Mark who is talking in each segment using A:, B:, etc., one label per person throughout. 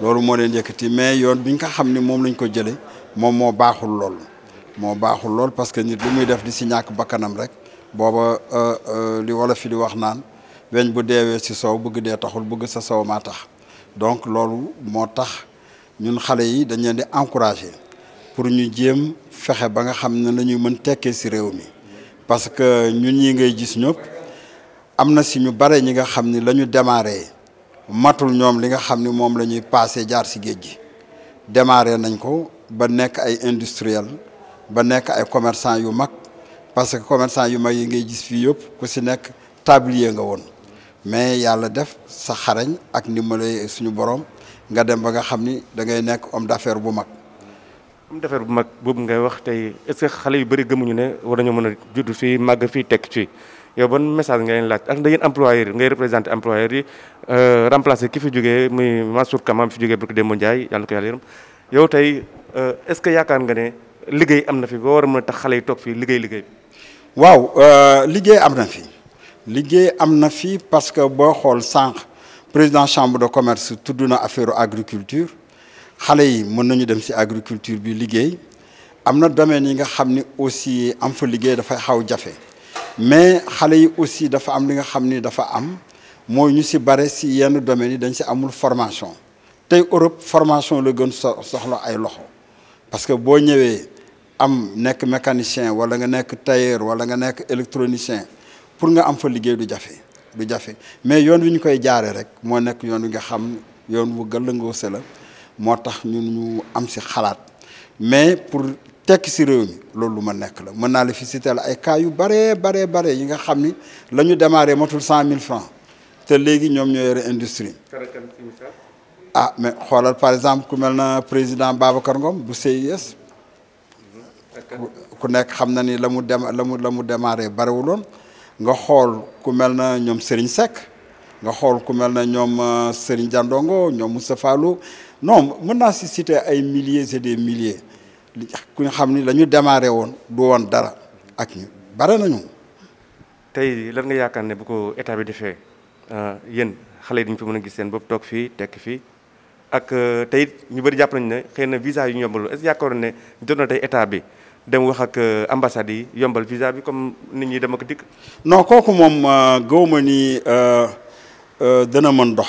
A: loolu moo leen yëkkati mais yoon bi nga xam ni moom lañ ko jëlee moom moo baaxul lool moo baaxul lool parce que nit lu muy def di si ñàkk bakkanam rek booba euh, euh, li wala fi di wax naan weñ bu deewee si soow bëgg dee taxul bëgg sa soow maa tax donc loolu moo tax ñun xale yi dañ leen di encourager pour ñu jéem fexe ba nga xam ne la mën tekkee si réew mi parce que ñun ñi ngay gis ñëpp am na si ñu bare ñi nga xam ni la ñu démarré matul ñoom li nga xam ni moom la ñuy passé jaar ci géej gi démarré nañ ko ba nekk ay industriel ba nekk ay commerçant yu mag parce que commerçant yu mag yi ngay gis fii yëpp ku ci nekk tablier nga woon mais yàlla def sa xareñ ak ndimbale suñu borom nga dem ba nga xam ni da ngay nekk homme affaire bu mag.
B: homme bu mag boobu ngay wax tey est xale yu bari gëmuñu ne war nañoo mën a juddu fii màgg fii tekk fii. yow ban message nga laaj ak da ngeen employeur ngay représenté employeur yi euh, remplacé ki fi jógee muy Mansour Kama fi jógee Burkina Demba Ndiaye yàlla na ko yàlla yërëm yow tey euh, est-ce que yaakaar nga ne liggéey am na fi boo war a mën a tax xale yi toog fii liggéey liggéey
A: bi euh, liggéey am na fi liggéey am na fi parce que boo xool sànq président chambre de commerce tudd na affaire agriculture xale yi mën nañu dem ci agriculture bi liggéey am na domaine yi nga xam ni aussi am fa liggéey dafay xaw jafe mais xalé yi aussi dafa am li nga xamni dafa am moy ñu si baré ci yenn domaines dañ ci amul formation tay Europe formation le gën soxla ay loxo parce que bo ñëwé am nek mécanicien wala nga nek tailleur wala nga nek électronicien pour nga am fa liggéey du jafé du jafé mais yoon wi ñu koy jaaree rek mo nek yoon nga xam yoon wu gëllëngoo se la motax ñun ñu am ci xalaat mais pour tekki si réew mi loolu lu ma nekk la mën naa la fi citer ay cas yu bare bare bare yi nga xam ni la ñu démarré matul cent mille francs te léegi ñoom ñoo yore industrie ah mais xoolal par exemple ku mel na président Babacar Ngom bu CIS ku nekk xam na ni la mu dem la mu la mu démarré barewuloon nga xool ku mel na ñoom Serigne Seck nga xool ku mel na ñoom euh, Serigne Diandongo ñoom Moustapha Lo non mën naa si citer ay milliers et des milliers ku ñu xam ni la ñu woon du woon dara ak ñu bare nañu.
B: tey lan nga yaakaar ne bu ko état bi defee euh, yéen xale yi dañu fi mën a gis seen bopp toog fii tekk fii ak euh, tey ñu bëri jàpp nañu ne xëy na visa yu ñu yombalu est-ce que yaakaaroon ne jot na tey état bi dem wax ak euh, ambassade yi yombal visa bi comme nit ñi dem ak dikk.
A: non kooku moom gëwma ni dana mën dox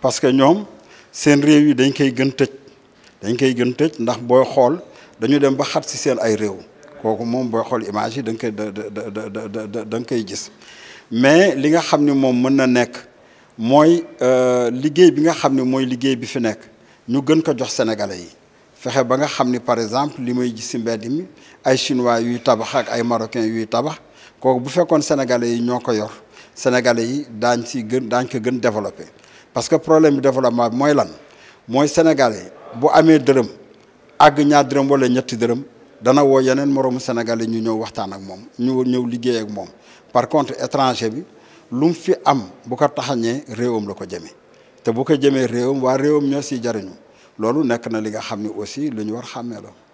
A: parce que ñoom seen réew yi dañ koy gën tëj dañ koy gën tëj ndax booy xool. dañu dem ba xat ci seen ay réew kooku mom booy xol image yi da nga koy da da da nga koy gis mais li nga xamni mom moom mën na nekk mooy euh, liggéey bi nga xamni moy liguey bi fi nek ñu gën ko jox sénégalais yi fexé ba nga xamni par exemple li may gis ci mbedd mi ay chinois yu tabax ak ay marocains yu tabax kooku bu fekkon sénégalais yi ñoko yor sénégalais yi dañ ci gën dañ ko gën développer parce que problème bi développement moy lan moy sénégalais bu amé deureum àgg ñaar dërëm wala ñetti dërëm dana woo yeneen moroomu sénégalais ñu ñëw waxtaan ak moom ñu ñëw liggéey ak moom par contre étranger bi lu mu fi am bu ko taxañee réewam la ko jëmee te bu ko jëmee réewam waa réewam ñoo si jariñu loolu nekk na li nga xam ne aussi lu ñu war xàmmee la